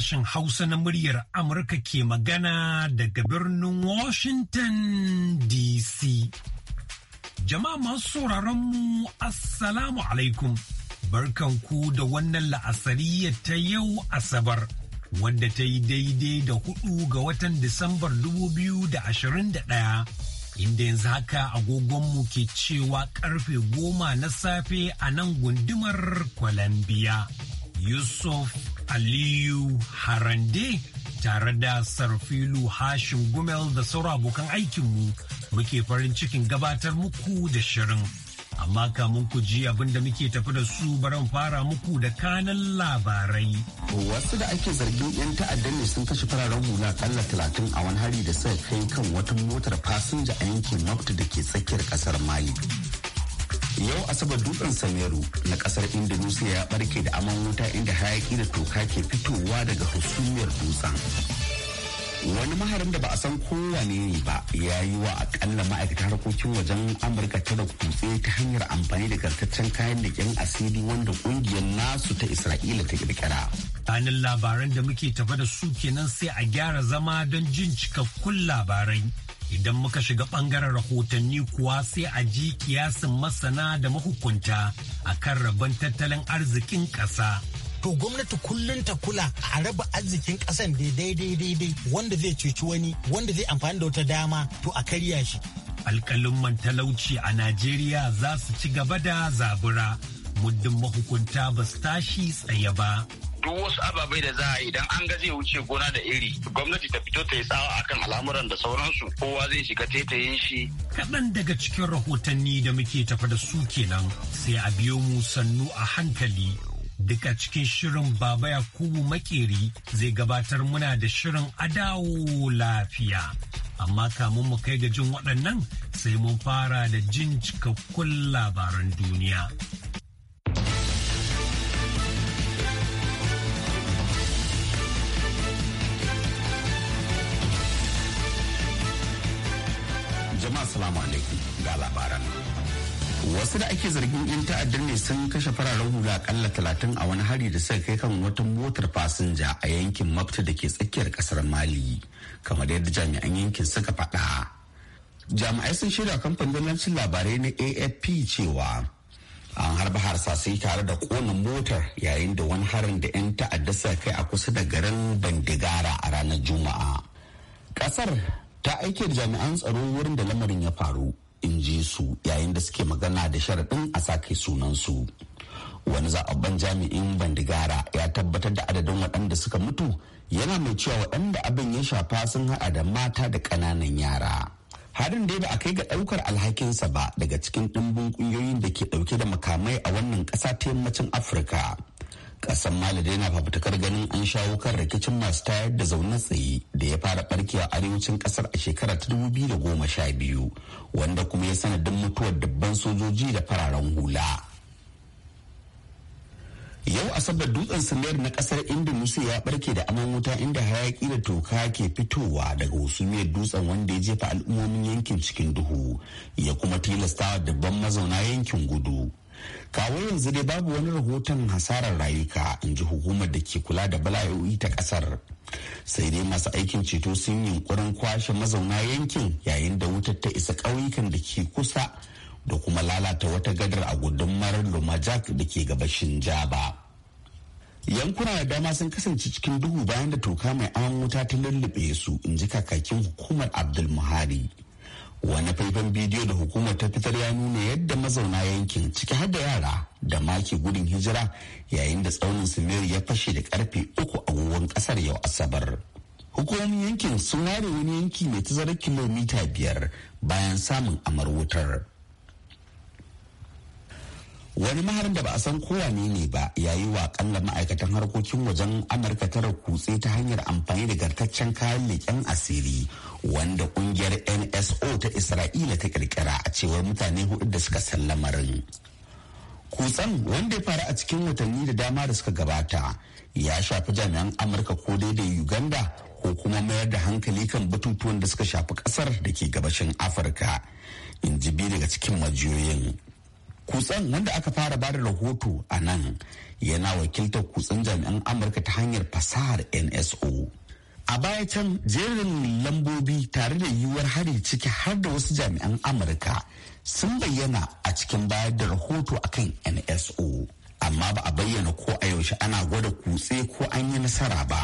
sashen Hausa na muryar Amurka ke magana daga birnin Washington DC. Jama'a masu mu Assalamu alaikum. Barkanku da wannan la'asariya ta yau Asabar, wanda ta yi daidai da hudu ga watan Disambar 2021. Inda yanzu haka agogonmu ke cewa karfe goma na safe a nan gundumar kwalambiya. Yusuf Aliyu Harande tare da Sarfilu Hashim Gumel da sauran abokan aikinmu muke farin cikin gabatar muku da shirin. Amma kamun ku ji abin muke tafi da su baran fara muku da kanan labarai. Wasu da ake zargin 'yan ta'addan ne sun kashe fararen hula kalla talatin a wani hari da suka kai kan wata motar fasinja a yankin Nafta da ke tsakiyar kasar Mali. yau asabar dutsen sanyaru na kasar indonesia ya barke da aman wuta inda hayaki da toka ke fitowa daga husumiyar dutsen wani maharin da ba a san kowa ne ba ya yi wa akalla ma'aikata harkokin wajen amurka tara kutse ta hanyar amfani da gartaccen kayan da yan asiri wanda kungiyar nasu ta isra'ila ta kirkira kanin labaran da muke tafa da su kenan sai a gyara zama don jin cikakkun labarai idan muka shiga ɓangaren rahotanni kuwa sai a ji kiyasin masana da mahukunta a kan rabon tattalin arzikin ƙasa. To gwamnati kullum ta kula a raba arzikin ƙasan daidai daidai wanda zai cuci wani wanda zai amfani da wata dama to a karya shi. Alƙalin talauci a Najeriya za su ci gaba da zabura muddin mahukunta ba su tashi tsaye ba. duk wasu ababai da za a yi idan an ga zai wuce gona da iri gwamnati ta fito ta yi tsawa akan al'amuran da sauransu kowa zai shiga taitayin shi. Kaɗan daga cikin rahotanni da muke tafa da su kenan sai a biyo mu sannu a hankali duka cikin shirin baba yakubu makeri zai gabatar muna da shirin adawo lafiya amma kamun mu kai ga jin waɗannan sai mun fara da jin cikakkun labaran duniya. Assalamu alaikum ga labaran. Wasu da ake zargin 'yan ta'addar ne sun kashe fararen hula akalla talatin a wani hari da suka kai kan wata motar fasinja a yankin Mafta da ke tsakiyar kasar Mali, kamar yadda jami'an yankin suka faɗa. Jami'ai sun shirya kamfanin labarai na AFP cewa an harba harsasai tare da kona motar yayin da wani harin da 'yan ta'adda suka kai a kusa da garin bandigara a ranar juma'a kasar ta aike da jami'an tsaro wurin da lamarin ya faru in ji su yayin da suke magana da sharaɗin a sake sunansu wani zaɓaɓɓen jami'in bandigara ya tabbatar da adadin waɗanda suka mutu yana mai cewa waɗanda abin ya shafa sun haɗa da mata da ƙananan yara harin dai ba a kai ga ɗaukar alhakinsa ba daga cikin ɗimbin ƙungiyoyin da ke ɗauke da makamai a wannan ƙasa ta yammacin afirka kasan mali dai na fafutukar ganin an shawo kan rikicin masu tayar da zaune tsaye da ya fara barkewa arewacin kasar a shekarar ta da goma sha biyu wanda kuma ya sanadin mutuwar dubban sojoji da fararen hula yau asabar dutsen sinayar na kasar indonesia ya barke da aman wuta inda hayaki da toka ke fitowa daga husumiyar dutsen wanda ya jefa al'ummomin yankin cikin duhu ya kuma tilastawa dubban mazauna yankin gudu kawo yanzu dai babu wani rahoton hasarar rayuka in ji hukumar da ke kula da bala'o'i ta kasar sai dai masu aikin ceto sun yi yunkurin kwashe mazauna yankin yayin da wutar ta isa ƙauyukan da ke kusa da kuma lalata wata gadar a gudunmar lumajak da ke gabashin jaba yankuna da dama sun kasance cikin duhu bayan da toka mai aman wuta ta lullube su in ji kakakin hukumar abdul muhari wani faifan bidiyo da hukumar ta fitar ya nuna yadda mazauna yankin ciki har da yara da maki gudun hijira yayin da tsaunin simiri ya fashe da karfe uku agogon kasar yau asabar hukumomin yankin sun ware wani yanki mai tazarar kilomita biyar bayan samun amar wutar wani maharin da ba a san kowane ne ba ya yi wa kalla ma'aikatan harkokin wajen amurka tara kutse ta hanyar amfani da gartaccen kayan leƙen asiri wanda kungiyar nso ta isra'ila ta kirkira a cewar mutane hudu da suka san lamarin kutsen wanda ya faru a cikin watanni da dama da suka gabata ya shafi jami'an amurka ko daidai uganda ko kuma mayar da hankali kan batutuwan da suka shafi kasar da ke gabashin afirka in ji biyu daga cikin majiyoyin kutsen wanda aka fara ba da rahoto a nan yana wakiltar kutsen jami'an amurka ta hanyar fasahar nso a baya can jerin lambobi tare da yiwuwar hari ciki har da wasu jami'an amurka sun bayyana a cikin bayar da rahoto akan nso amma ba a bayyana ko a yaushe ana gwada kutse ko an yi nasara ba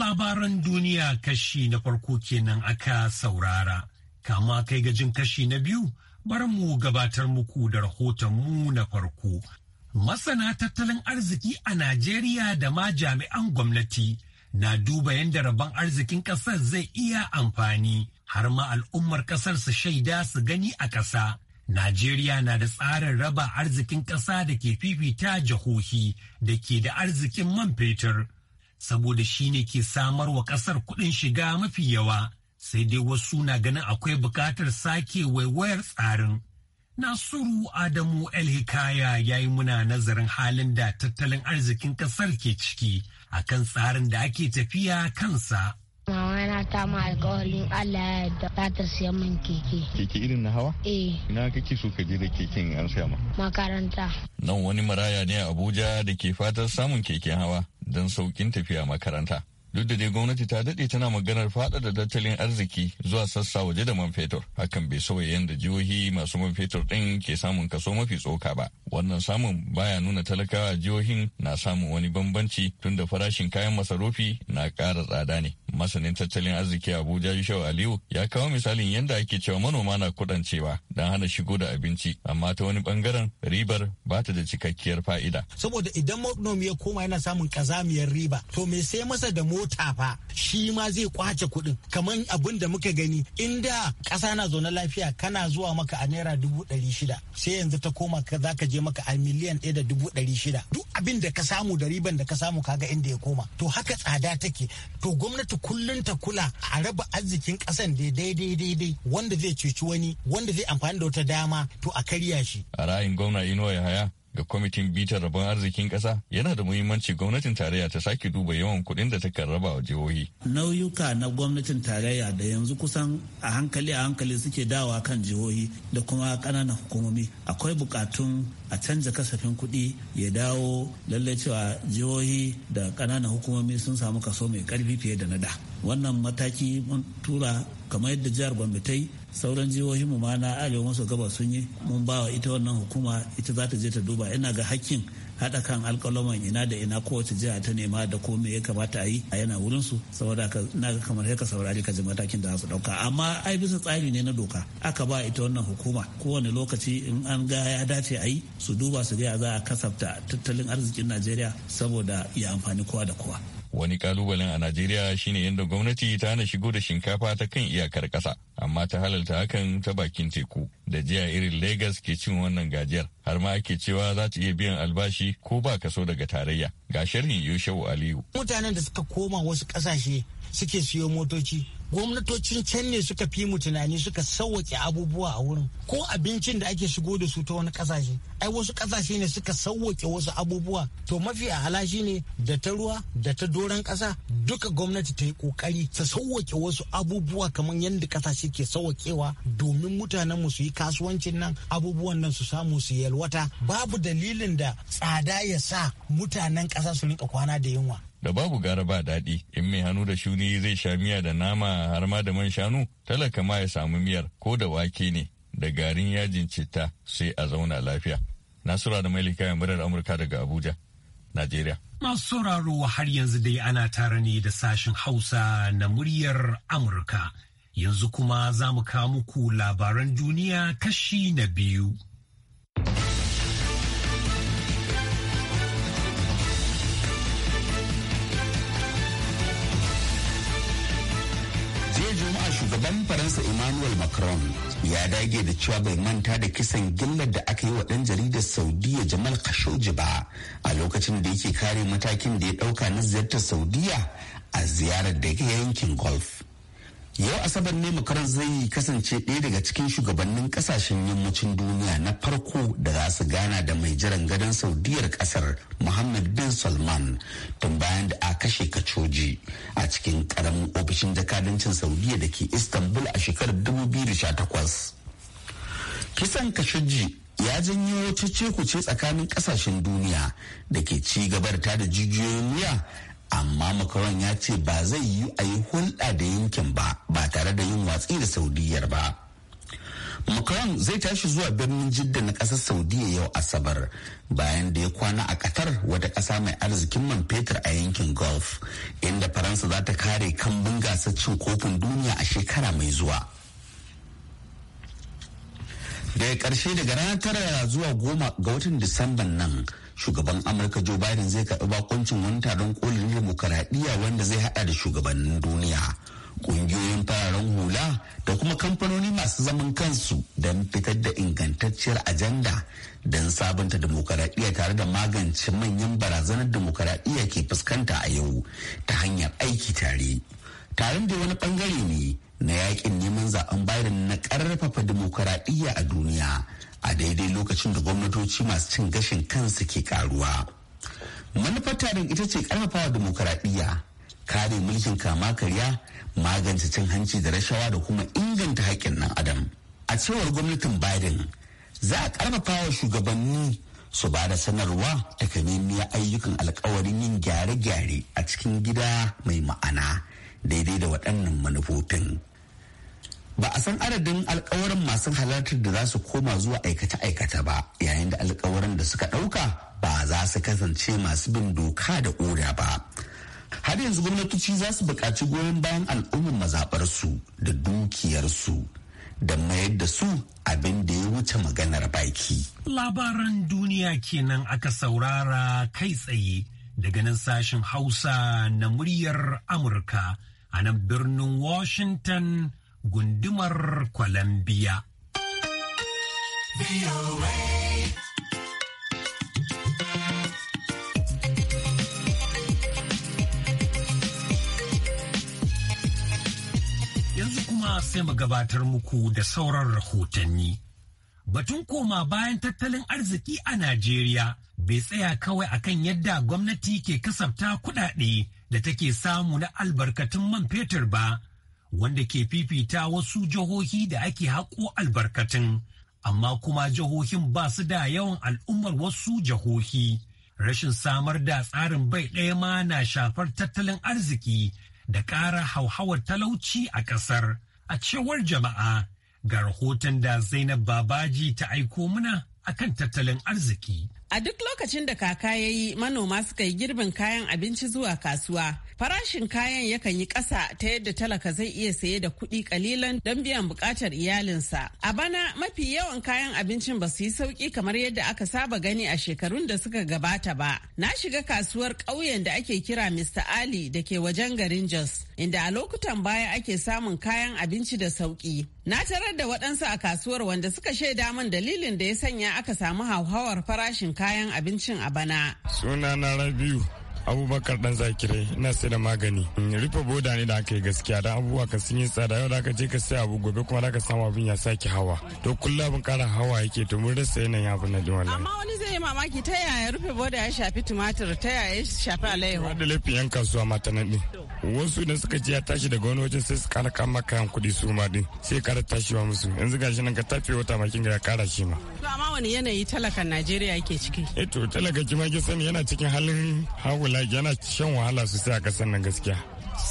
labaran duniya kashi na farko kenan aka saurara Kama kai gajin kashi na biyu, bar mu gabatar muku da rahoton mu na farko. Masana tattalin arziki a Najeriya da ma jami'an gwamnati na duba yadda rabon arzikin ƙasar zai iya amfani, har ma al'ummar ƙasar su shaida su gani a ƙasa. Najeriya na da tsarin raba arzikin ƙasa da ke fifita jahohi da ke da arzikin man fetur, saboda shi ne ke samar wa ƙasar kuɗin shiga mafi yawa sai dai wasu na ganin akwai bukatar sake waiwayar tsarin. Nasiru Adamu El-Hikaya ya yi muna nazarin halin da tattalin arzikin kasar ke ciki a kan tsarin da ake tafiya kansa. Mamana ta ma alkawalin Allah ya yarda ta siya min keke. Keke irin na hawa? Eh. Ina kake so ka je da keken an siya ma? Makaranta. Nan wani maraya ne a Abuja da ke fatar samun keken hawa don saukin tafiya makaranta. duk da dai gwamnati ta daɗe tana maganar da tattalin arziki zuwa sassa waje da man fetur hakan bai sauya yadda jihohi masu man fetur ɗin ke samun kaso mafi tsoka ba wannan samun baya nuna talakawa jihohin na samun wani bambanci tunda farashin kayan masarufi na ƙara tsada ne masanin tattalin arziki abuja yushau aliyu ya kawo misalin yadda ake cewa manoma na kudancewa don hana shigo da abinci amma ta wani bangaren ribar ba ta da cikakkiyar fa'ida saboda idan manomi ya koma yana samun kazamiyar riba to me sai masa da mota fa shi ma zai kwace kuɗin kamar abin da muka gani inda ƙasa na zaune lafiya kana zuwa maka a naira dubu ɗari shida sai yanzu ta koma ka za ka je maka a miliyan ɗaya da dubu ɗari shida duk abin da ka samu da riban da ka samu kaga inda ya koma to haka tsada take to gwamnati kullum ta kula a raba arzikin ƙasan daidai daidai wanda zai ceci wani wanda zai amfani da wata dama to a karya shi. A ra'ayin gwamna Inuwa Yahaya ga kwamitin bitar rabon arzikin kasa yana da muhimmanci gwamnatin tarayya ta sake duba yawan kuɗin da ta raba wa jihohi. Nauyuka na gwamnatin tarayya da yanzu kusan a hankali a hankali suke dawa kan jihohi da kuma ƙananan hukumomi. Akwai bukatun a canza kasafin kuɗi ya dawo lallai cewa jihohi da ƙananan hukumomi sun samu kaso mai karfi fiye da na da. Wannan mataki mun tura kamar yadda jihar Gombe sauran jihohin mu ma na arewa maso gabas sun yi mun ba wa ita wannan hukuma ita za ta je ta duba ina ga hakkin haɗa kan alƙalaman ina da ina kowace jiha ta nema da ko me ya kamata a yi a yana wurin su saboda ka na kamar haka saurari ka ji matakin da za su ɗauka amma ai bisa tsari ne na doka aka ba ita wannan hukuma kowane lokaci in an ga ya dace a yi su duba su ga za a kasafta tattalin arzikin najeriya saboda ya amfani kowa da kowa wani kalubalen a najeriya shine yadda gwamnati ta hana shigo da shinkafa ta kan iyakar kasa amma ta halalta hakan ta bakin teku da jiya irin legas ke cin wannan gajiyar har ma ake cewa za ta iya biyan albashi ko ba kaso daga tarayya ga sharhin yushewu aliyu mutanen da suka koma wasu kasashe suke siyo motoci gwamnatocin can ne suka fi mu tunani suka sauwake abubuwa a wurin ko abincin da ake shigo da su ta wani kasashe ai wasu kasashe ne suka sauwake wasu abubuwa to mafi a halashi ne da ta ruwa da ta doron kasa duka gwamnati ta yi kokari ta sauwake wasu abubuwa kamar yadda kasashe ke sauwakewa domin mutanen mu su yi kasuwancin nan abubuwan nan su samu su yi yalwata babu dalilin da tsada ya sa mutanen ƙasa su rinka kwana da yunwa da babu gara ba daɗi in mai hannu da shuni zai sha miya da nama har ma da man shanu talaka ma ya samu miyar ko da wake ne da garin yajin citta sai a zauna lafiya nasura da Malika ya murar amurka daga abuja najeriya masu sauraro har yanzu dai ana tara ne da sashen hausa na muryar amurka yanzu kuma za mu kawo muku labaran duniya kashi na biyu. faransa emmanuel macron ya dage da cewa bai manta da kisan gillar da aka yi wa ɗan jaridar saudiya jamal khashoggi ba a lokacin da yake kare matakin da ya ɗauka na ziyartar saudiya a ziyarar da yankin golf Yau Asabar ne makarar zai kasance ɗaya daga cikin shugabannin kasashen yammacin duniya na farko da za su gana da mai jiran gadon saudiyar kasar Muhammad bin Salman tun bayan da a kashe kacoji a cikin karamin ofishin jakadancin saudiya da ke Istanbul a shekarar 2018. Kisan kashoji ya janyo cece kuce tsakanin kasashen duniya da ke ci gabar da jijiyoyin wuya amma makaron ya ce ba zai yi a yi hulɗa da yankin ba ba tare da yin watsi da saudiyyar ba makaron zai tashi zuwa birnin jidda na ƙasar saudiya yau asabar bayan da ya kwana a qatar wata ƙasa mai arzikin man fetur a yankin golf inda faransa za ta kare kambun gasar cin kofin duniya a shekara mai zuwa daga karshe daga ranar tara zuwa goma ga watan disamban nan shugaban amurka joe biden zai karɓi bakuncin wani taron kolin demokaradiyya wanda zai haɗa da shugabannin duniya ƙungiyoyin fararen hula da kuma kamfanoni masu zaman kansu don fitar da ingantacciyar ajanda don sabunta demokaradiyya tare da magance manyan barazanar demokaradiyya ke fuskanta a yau ta hanyar aiki tare taron da wani bangare ne na yakin neman zaben Biden na karfafa dimokuraɗiyya a duniya a daidai lokacin da gwamnatoci masu cin gashin kansu ke karuwa. Manufar taron ita ce karfafawa dimokuraɗiyya, kare mulkin kama karya, magance cin hanci da rashawa da kuma inganta haƙƙin nan adam. A cewar gwamnatin Biden, za a karfafawa shugabanni su ba da sanarwa takamaimiyar ayyukan alkawarin yin gyare-gyare a cikin gida mai ma'ana daidai da waɗannan manufofin. ba a san adadin alkawarin masu halartar da za su koma zuwa aikace-aikata ba yayin da alkawarin da suka ɗauka ba za su kasance masu bin doka da oda ba har yanzu gwamnatoci za su buƙaci goyon bayan al'ummar mazaɓarsu da dukiyarsu da mayar da su abin da ya wuce maganar baki. Labaran duniya kenan aka saurara kai tsaye daga nan sashen Hausa na muryar Amurka a nan birnin Washington gundumar Columbia. Yanzu kuma sai mu gabatar muku da sauran rahotanni. Batun koma bayan tattalin arziki a Najeriya bai tsaya kawai akan yadda gwamnati ke kasafta kuɗaɗe da take samu na albarkatun man fetur ba. wanda ke fifita wasu jihohi da ake haƙo albarkatun amma kuma jihohin ba su da yawan al'ummar wasu jihohi rashin samar da tsarin bai ɗaya ma na shafar tattalin arziki da ƙara hauhawar talauci a ƙasar a cewar jama'a ga rahoton da zainab babaji ta aiko muna akan tattalin arziki A duk lokacin da kaka ya yi manoma suka yi girbin kayan abinci zuwa kasuwa, farashin kayan yakan yi ƙasa ta yadda talaka zai iya saye da kuɗi kalilan don biyan buƙatar iyalinsa. A bana mafi yawan kayan abincin ba su yi sauƙi kamar yadda aka saba gani a shekarun da suka gabata ba. Na shiga kasuwar ƙauyen da ake kira Mr. Ali da ke wajen garin Jos, inda a lokutan baya ake samun kayan abinci da sauƙi. Na tarar da waɗansu a kasuwar wanda suka shaida min dalilin da ya sanya aka samu hauhawar farashin kayan abincin a bana. Suna na Rabiu abubakar dan zakirai ina sai da magani mm, rufe boda ne da aka yi gaskiya dan abubuwa ka sun yi tsada yau da aka je ka sai abu gobe kuma da ka samu abin ya sake hawa to kullum abin karin hawa yake to mun rasa yanayin abin na jin amma wani zai yi mamaki ta yaya rufe boda ya shafi tumatir ta yaya ya shafi alayyahu da laifin yan kasuwa mata na ɗin wasu idan suka ji ya tashi daga wani wajen sai su kara kama kayan kuɗi su ma ɗin sai kara wa musu yanzu gashi nan ka tafi wata makin ga ya kara shi ma. to amma wani yanayi talakan najeriya yake ciki. eh to talaka kima ki sani yana cikin halin hawula wallahi yana shan wahala sosai a kasar nan gaskiya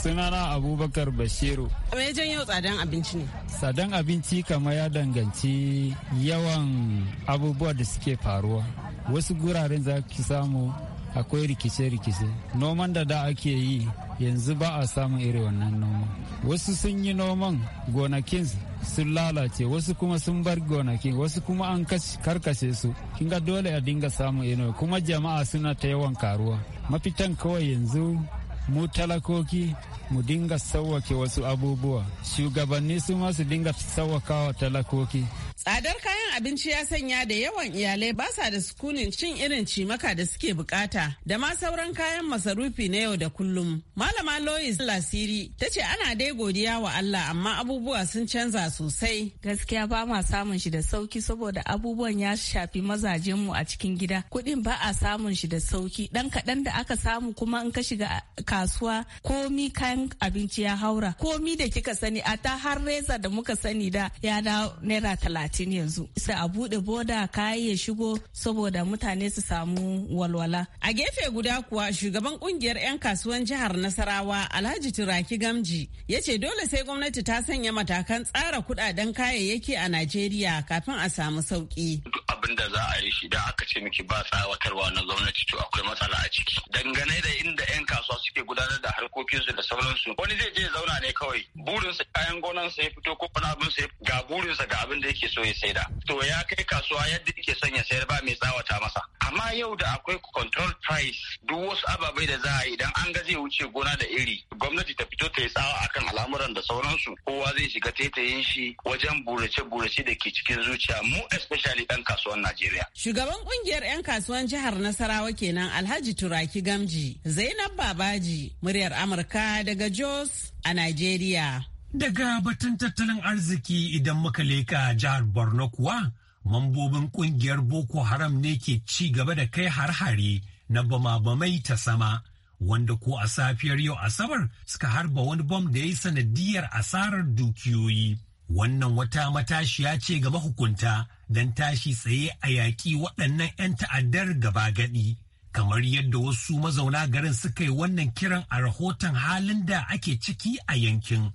sunana abubakar bashiru jan yau tsadan abinci ne tsadan abinci kama ya danganci yawan abubuwa da suke faruwa wasu guraren za ki samu akwai rikice-rikice noman da da ake yi yanzu ba a samun iri wannan noman wasu sun yi noman gonakin sun lalace wasu kuma sun bar gonaki wasu kuma an karkashe su kinga dole a dinga samu ino kuma jama'a suna ta yawan karuwa mafitan kawai yanzu mu talakoki mu dinga sauwake wasu abubuwa shugabanni su ma su dinga sauwakawa talakoki Tsadar kayan abinci ya sanya da yawan iyalai ba sa da sukunin cin irin cimaka da suke bukata da ma sauran kayan masarufi na yau da kullum. Malama Lois Lasiri ta ce ana dai godiya wa Allah amma abubuwa sun canza sosai. Gaskiya ba ma samun shi da sauki saboda abubuwan ya shafi mazajen mu a cikin gida. Kuɗin ba a samun shi da sauki dan kaɗan da aka samu kuma in ka shiga kasuwa komi kayan abinci ya haura komi da kika sani a ta har reza da muka sani da ya dawo naira talatin. talatin yanzu sai a bude boda kayi ya shigo saboda mutane su samu walwala a gefe guda kuwa shugaban kungiyar 'yan kasuwan jihar nasarawa alhaji turaki gamji ya ce dole sai gwamnati ta sanya matakan tsara kudaden kayayyaki a najeriya kafin a samu sauki abin da za a yi shi da aka ce miki ba tsawatarwa na gwamnati to akwai matsala a ciki dangane da inda 'yan kasuwa suke gudanar da harkokinsu da sauransu wani zai je zauna ne kawai burinsa kayan gonansa ya fito ko wani abin sa ga burinsa ga abin da yake so ya saida to ya kai kasuwa yadda yake son ya sayar ba mai tsawata masa amma yau da akwai control price duk wasu ababai da za a yi idan an ga zai wuce gona da iri gwamnati ta fito ta yi tsawa akan al'amuran da sauransu kowa zai shiga taitayin shi wajen burace-burace da ke cikin zuciya mu especially ɗan kasuwa kasuwan Najeriya. Shugaban kungiyar 'yan kasuwan jihar Nasarawa kenan Alhaji Turaki Gamji, Zainab Babaji, muryar Amurka daga Jos a Najeriya. Daga batun tattalin arziki idan muka leka jihar Borno kuwa, mambobin kungiyar Boko Haram ne ke ci gaba da kai har-hari na bama-bamai ta sama. wanda ko a safiyar yau asabar suka harba wani bom da ya yi sanadiyar asarar dukiyoyi. Wannan wata matashiya ce ga mahukunta don tashi tsaye a yaƙi waɗannan 'yan ta'addar gaba gaɗi kamar yadda wasu mazauna garin suka yi wannan kiran a rahoton halin da ake ciki a yankin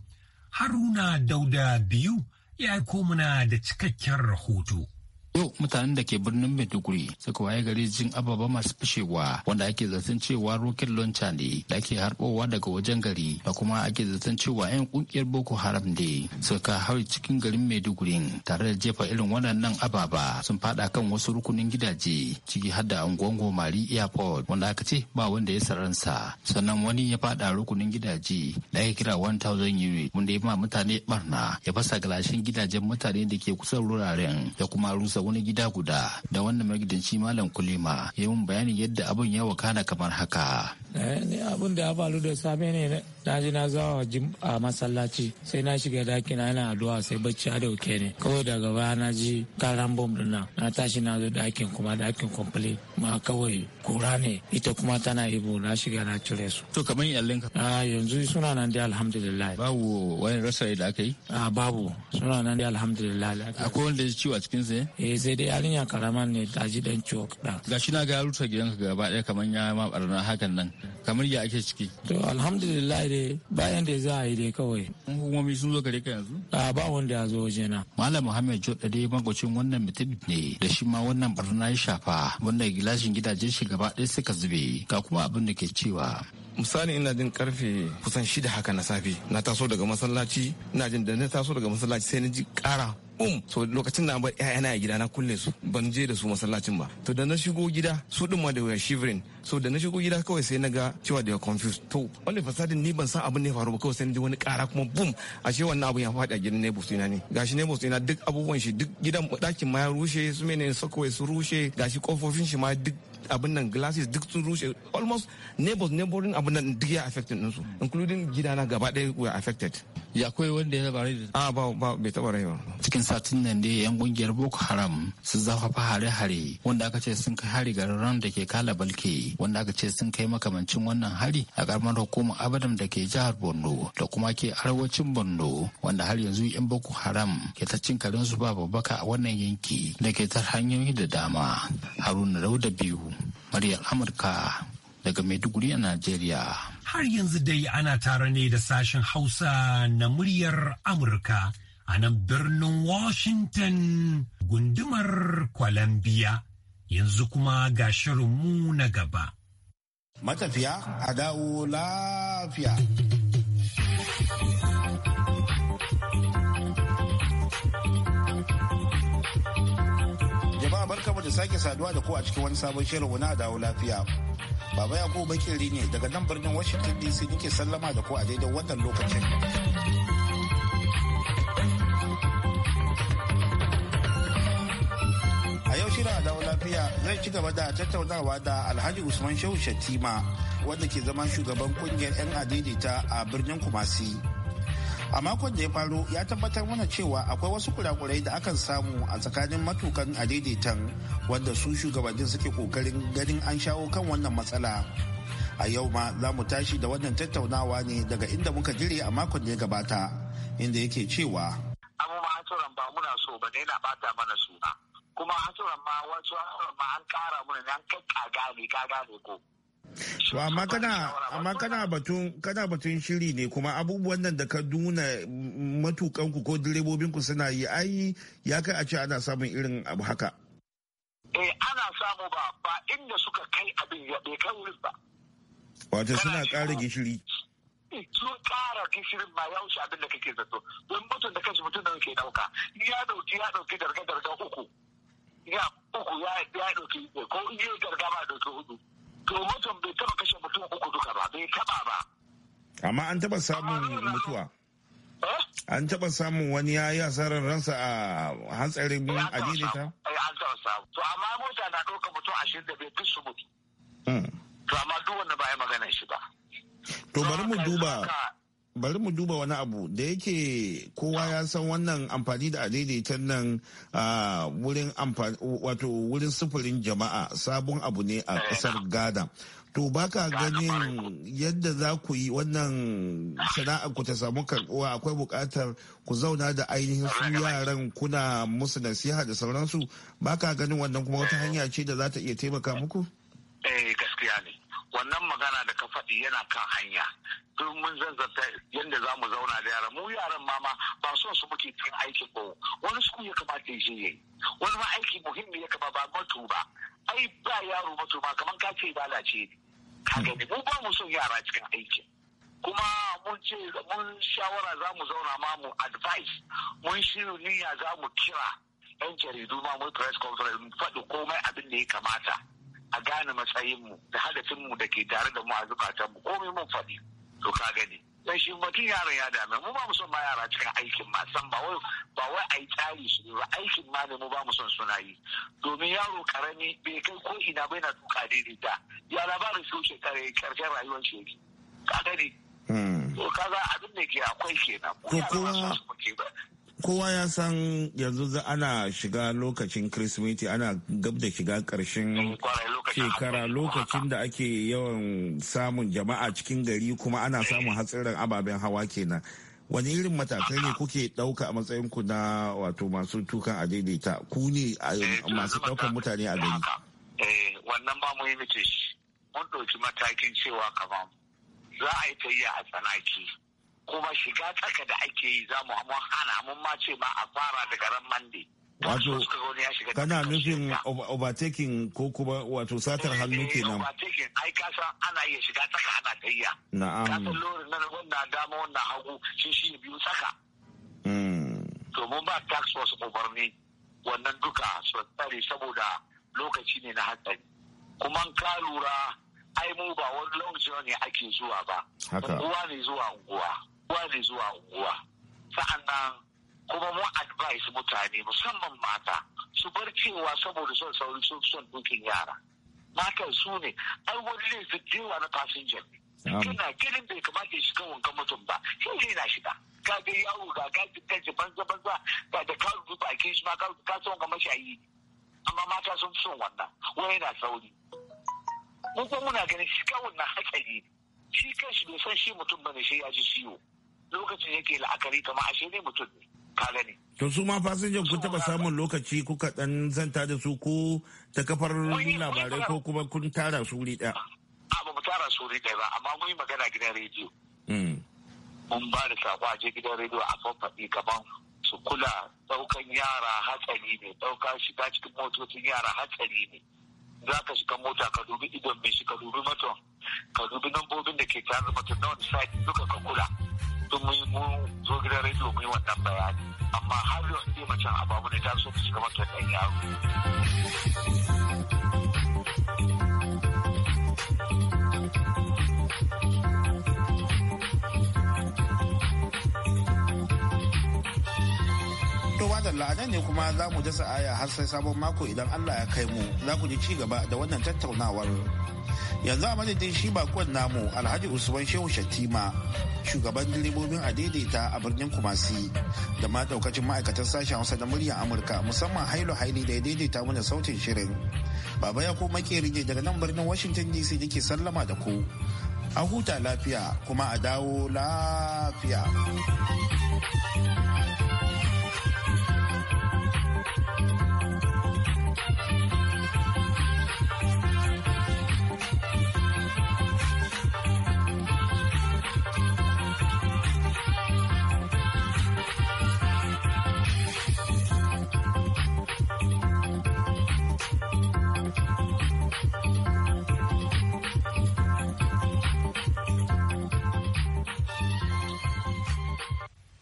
haruna dauda biyu ya yi komuna da cikakken rahoto. Yau mutanen da ke birnin Maiduguri suka waye gari jin ababa masu fashewa wanda ake zaton cewa rocket launcher ne da ake harbowa daga wajen gari da kuma ake zaton cewa 'yan kungiyar Boko Haram ne suka hauri cikin garin Maiduguri tare da jefa irin waɗannan ababa sun fada kan wasu rukunin gidaje ciki har da unguwar Gomari Airport wanda aka ce ba wanda ya saransa sannan wani ya fada rukunin gidaje da ake kira 1000 euro wanda ya ma mutane barna ya fasa galashin gidajen mutane da ke kusa wuraren ya kuma rusa bisa wani gida guda da wannan magidanci malam kulima ya mun bayanin yadda abin ya wakana kamar haka eh, abin da ya faru da safe ne na ji na zawa a masallaci sai na shiga daki na yana addu'a sai bacci a dauke ne kawai daga baya na ji karan bom din nan na tashi na zo dakin kuma dakin complete ma kawai kura ne ita kuma tana ibo na shiga na cire su to kamar allin ka a yanzu suna nan dai alhamdulillah babu wani rasa da aka yi a babu suna nan dai alhamdulillah akwai wanda ya ciwo a cikin sa eh sai dai yarinya karama ne ta ji dan ciwo kaɗan. gashi na ga ya gidan gidanka gaba ɗaya kamar ya ma barna hakan nan kamar ya ake ciki. to alhamdulillah dai bayan da za a yi dai kawai. hukumomi sun zo gare ka yanzu. a ba wanda ya zo waje na. malam muhammad jodda dai magwacin wannan mutum ne da shi ma wannan barna ya shafa wanda gilashin gidajen shi gaba ɗaya suka zube ga kuma abin da ke cewa. misali ina jin karfe kusan shida haka na safe na taso daga masallaci ina jin da na taso daga masallaci sai na ji kara bum so lokacin da bar ƴaƴana a gida na kulle su ban je da su masallacin ba to da na shigo gida su din ma da were shivering so da na shigo gida kawai sai na ga cewa da confused to wani fasadin ni ban san abin ne faru ba kawai sai na ji wani kara kuma bum ashe wannan abin ya faɗi a gidan neighbors ɗina ne gashi neighbors ɗina duk abubuwan shi duk gidan ɗakin ma ya rushe su ne sakawai su rushe gashi kofofin shi ma duk abin nan glasses duk sun rushe almost neighbors neighboring abin nan duk ya affected din su including gidana gaba ɗaya were affected ya koyi wanda ya taba rai a ah, ba ba bai taba rai ba cikin satin nan ne yan kungiyar boko haram su zafafa hare-hare wanda aka ce sun kai hari garin da ke kala balke wanda aka ce sun kai makamancin wannan hari a karamar hukumar abadam da ke jihar borno da kuma ke arewacin borno wanda har yanzu yan boko haram ke ta cin karin su ba babbaka a wannan yanki da ke tar hanyoyi da dama haruna rauda biyu maryar amurka daga maiduguri a najeriya har yanzu dai ana tare ne da sashen hausa na muryar amurka a nan birnin Washington gundumar Columbia. Yanzu kuma ga shirinmu na gaba. Matafiya a dawo lafiya. Jama'a barkamu da sake saduwa da ku a cikin wani sabon shirin na dawo lafiya. Baba Yakubu Bakin ne daga nan birnin Washington DC nake sallama da ku a daidai wannan lokacin. a yau shirin dawo lafiya zai ci gaba da tattaunawa da alhaji usman shehu shatima wanda ke zama shugaban kungiyar 'yan adidita a birnin kumasi a makon da ya faru ya tabbatar mana cewa akwai wasu kurakurai da akan samu a tsakanin matukan adidita wanda su shugabannin suke kokarin ganin an shawo kan wannan matsala a yau ma za mu tashi da wannan tattaunawa ne daga inda muka jire a makon da ya gabata inda yake cewa abu ba muna so ba ne na bata mana suna kuma hasuran ma wasu hasuran ma an kara mun an kai ka gane ka gane ko To amma kana amma kana batun kana batun shiri ne kuma abubuwan nan da ka duna matukan ku ko direbobin ku suna yi ai ya kai a ce ana samun irin abu haka. Eh ana samu ba ba inda suka kai abin ya bai kai wurin ba. Wato suna eh, ƙara gishiri. sun kara gishirin ba ya wuce abin da kake zato don mutum da kanshi mutum da ke dauka ya dauki ya dauki darga darga uku ya uku ya ya dauki ko in yi gargama dauki hudu to mutum bai taba kashe mutum uku duka ba bai taba ba amma an taba samun mutuwa eh? an taba samun wani ya yi asarar ransa a hantsarin adilita eh, an taba samu to amma mota na ɗauka mutum ashirin da bai fi su mutu hmm. to amma duk wanda ba ya magana shi ba to bari mu duba bari mu duba wani abu da yake kowa ya san wannan amfani da adaidaitan nan wurin wato wurin sufurin jama'a sabon abu ne a kasar gada to baka ganin yadda za ku yi wannan sana'ar ku ta samu karbuwa akwai buƙatar ku zauna da ainihin su yaran kuna musu nasiha da sauransu baka ganin wannan kuma wata hanya ce da za ta iya taimaka muku eh, gaskiya ne wannan magana da ka faɗi yana kan hanya duk mun zanzanta yadda za mu zauna da yaran mu yaran mama ba son su muke kan aikin ko wani su ya kamata ya je yi, wani ma aiki muhimmi ya kama ba matu ba ai ba yaro matu ba kamar ka ce ba ne ka gani mu ba mu son yara cikin aikin kuma mun ce mun shawara za mu zauna ma mu advice mun shiru niyya za mu kira yan jaridu ma mun press conference faɗi komai abin da ya kamata a gane matsayinmu da hadafinmu da ke tare da mu a zukatanmu komai mun faɗi to ka gani dan shi mutum yaron ya dame mu ba mu son ma yara cikin aikin ma san ba wai ba wai ai tsari su ba aikin ma ne mu ba mu son suna yi domin yaro karami bai kai ko ina bai na duka daidai da ya labarin su shekara karshen rayuwar shi ka gani hmm. to kaga abin da ke akwai kenan ko kuma kowa ya san yanzu ana shiga lokacin kirsimeti ana gab da shiga karshen shekara lokacin da ake yawan samun jama'a cikin gari kuma ana eh. samun hatsarin ababen hawa kenan wani irin matakai ne kuke ɗauka a matsayin ku na wato masu tukan a daidaita ku ne eh, masu ɗaukan mutane a gari eh, wannan ba mu yi mun ɗauki matakin cewa kamar za a yi tayya a tsanaki kuma shiga tsaka da ake yi za mu mun hana mun ma ce ma a fara daga ran mande. Wato kana nufin overtaking ko kuma wato satar eh, hannu kenan. Overtaking ai kasa ana iya shiga tsaka ana tayya. Na'am. Ka san lori na wannan dama wannan hagu shi shi biyu tsaka. Hmm. To mun ba tax force umarni wannan duka su tsare saboda lokaci ne na hatsari. Kuma ka lura ai mu ba wani long journey ake zuwa ba. Haka. Unguwa ne zuwa unguwa. Kuwa ne zuwa unguwa sa'annan kuma mu advice mutane musamman mata su bar cewa saboda son sauri sun son dukin yara matan su ne ai wani su jewa na passenger Kina ginin bai kamata ya shiga wankan mutum ba shi ne na shiga ka ga yawo ga ka kanci banza banza ga da ka rubu bakin shi ma ka son ga mashayi amma mata sun son wannan wani na sauri Mun kuma muna ganin shi kawun na hatsari shi kan shi bai san shi mutum bane shi ya ji ciwo lokacin yake la'akari kamar ashe ne mutum ne ka ne. to su ma fasinjan kun taba samun lokaci kuka dan zanta da su ko ta kafar labarai ko kuma kun tara su wuri daya a ba mu tara su wuri daya ba amma mun yi magana gidan rediyo hmm. mun ba da sako a je gidan rediyo a faɗi kaman su kula ɗaukan yara hatsari ne ɗauka shiga cikin motocin yara hatsari ne za ka shiga mota ka dubi idon mai shi ka dubi maton ka dubi lambobin da ke tare da na wani sati duka ka kula duk mun zo gidan rediyo mun yi wannan bayani amma har yau in macen a babu ne ta so ta shiga mata dan yaro. Allah ne kuma za mu dasa aya har sai sabon mako idan Allah ya kai mu za ku ji ci gaba da wannan tattaunawar. yanzu a madadin shi bakon namu alhaji usman shehu shatima shugaban direbobin a daidaita a birnin kumasi da ma daukacin ma'aikatan sashen hausa da muryar amurka musamman hailu haili da ya daidaita mana sautin shirin baba ya kuma makeri ne daga nan birnin washington dc ke sallama da ku a huta lafiya kuma a dawo lafiya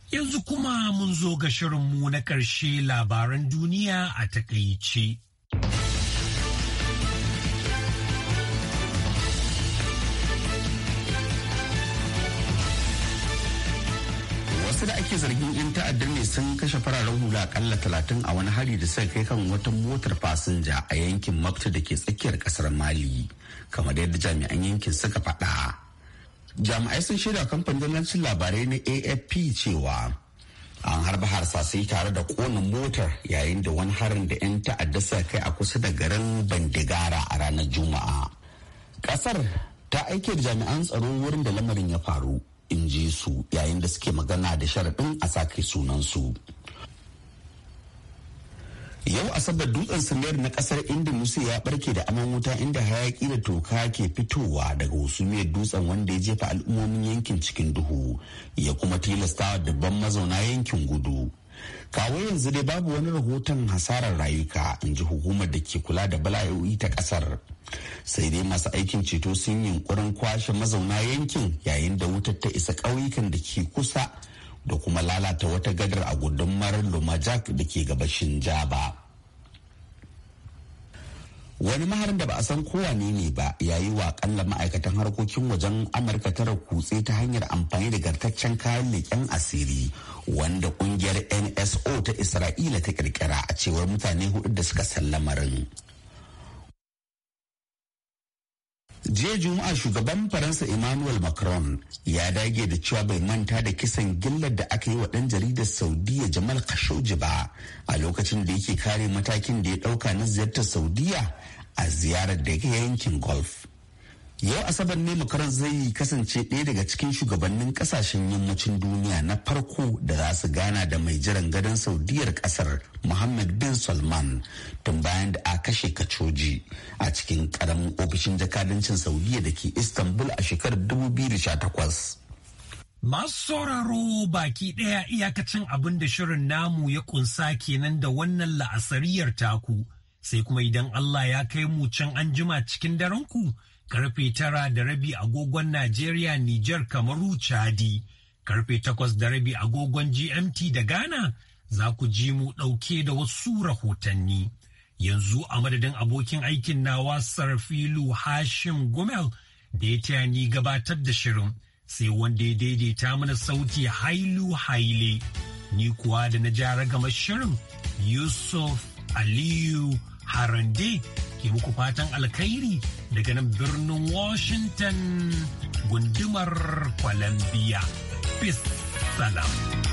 Yanzu kuma mun zo ga shirinmu na ƙarshe labaran duniya a takaice. Wasu da ake zargin 'yan ta'addar ne sun kashe fararen hula akalla talatin a wani hari da suka kai kan wata motar fasinja a yankin Makta da ke tsakiyar kasar Mali, kamar yadda jami'an yankin suka faɗa. jami'ai sun shirya kamfanin dalancin labarai na afp cewa an harba harsasai tare da konin motar yayin da wani harin da 'yan ta'adda suka kai a kusa da garin bandigara a ranar juma'a kasar ta aike da jami'an tsaro wurin da lamarin ya faru in ji su yayin da suke magana da sharaɗin a sake sunansu. yau asabar dutsen samiyar na kasar inda musu ya barke da aman wuta inda hayaki da toka ke fitowa daga husumiyar dutsen wanda ya jefa al'ummomin yankin cikin duhu ya kuma tilasta dabban mazauna yankin gudu kawai yanzu dai babu wani rahoton hasarar rayuka in ji hukumar da ke kula da bala'o'i ta kasar sai dai masu aikin ceto sun yunƙurin kwashe mazauna yankin yayin da wutar ta isa ƙauyukan da ke kusa da kuma lalata wata gadar a gudunmar lumajak da ke gabashin jaba wani maharin da ba a san kowane ne ba yayi wa kalla ma'aikatan harkokin wajen amurka tara kutse ta hanyar amfani da gartaccen kayan leƙen asiri wanda kungiyar nso ta isra'ila ta kirkira a cewar mutane hudu da suka sallamarin. jiya juma'a shugaban faransa emmanuel macron ya dage da cewa bai manta da kisan gillar da aka yi wa ɗan jaridar saudiya jamal khashoggi ba a lokacin da yake kare matakin da ya ɗauka na ziyartar saudiya a ziyarar da yake yankin golf Yau Asabar ne makarar zai kasance ɗaya daga cikin shugabannin kasashen yammacin duniya na farko da za su gana da mai jiran gadon saudiyar kasar Muhammad bin Salman tun bayan da a kashe kacoji a cikin karamin ofishin jakadancin saudiya da ke Istanbul a shekarar 2018. Masu sauraro baki ɗaya iyakacin abin da shirin namu ya kunsa kenan da wannan la'asariyar taku, sai kuma idan Allah ya kai mu can anjima cikin daren ku. karfe tara da rabi agogon Najeriya, Nijar, Kamaru, Chadi, karfe takwas da rabi agogon GMT da Ghana za ku ji mu ɗauke da wasu rahotanni. Yanzu a madadin abokin aikin nawa Sarfilu Hashim Gumel da ya taya ni gabatar da shirin sai wanda ya daidaita mana sauti hailu haile. Ni kuwa da na jara gama shirin Yusuf Aliyu Harande ke muku fatan alkhairi daga nan birnin Washington gundumar Columbia. Peace. Salam.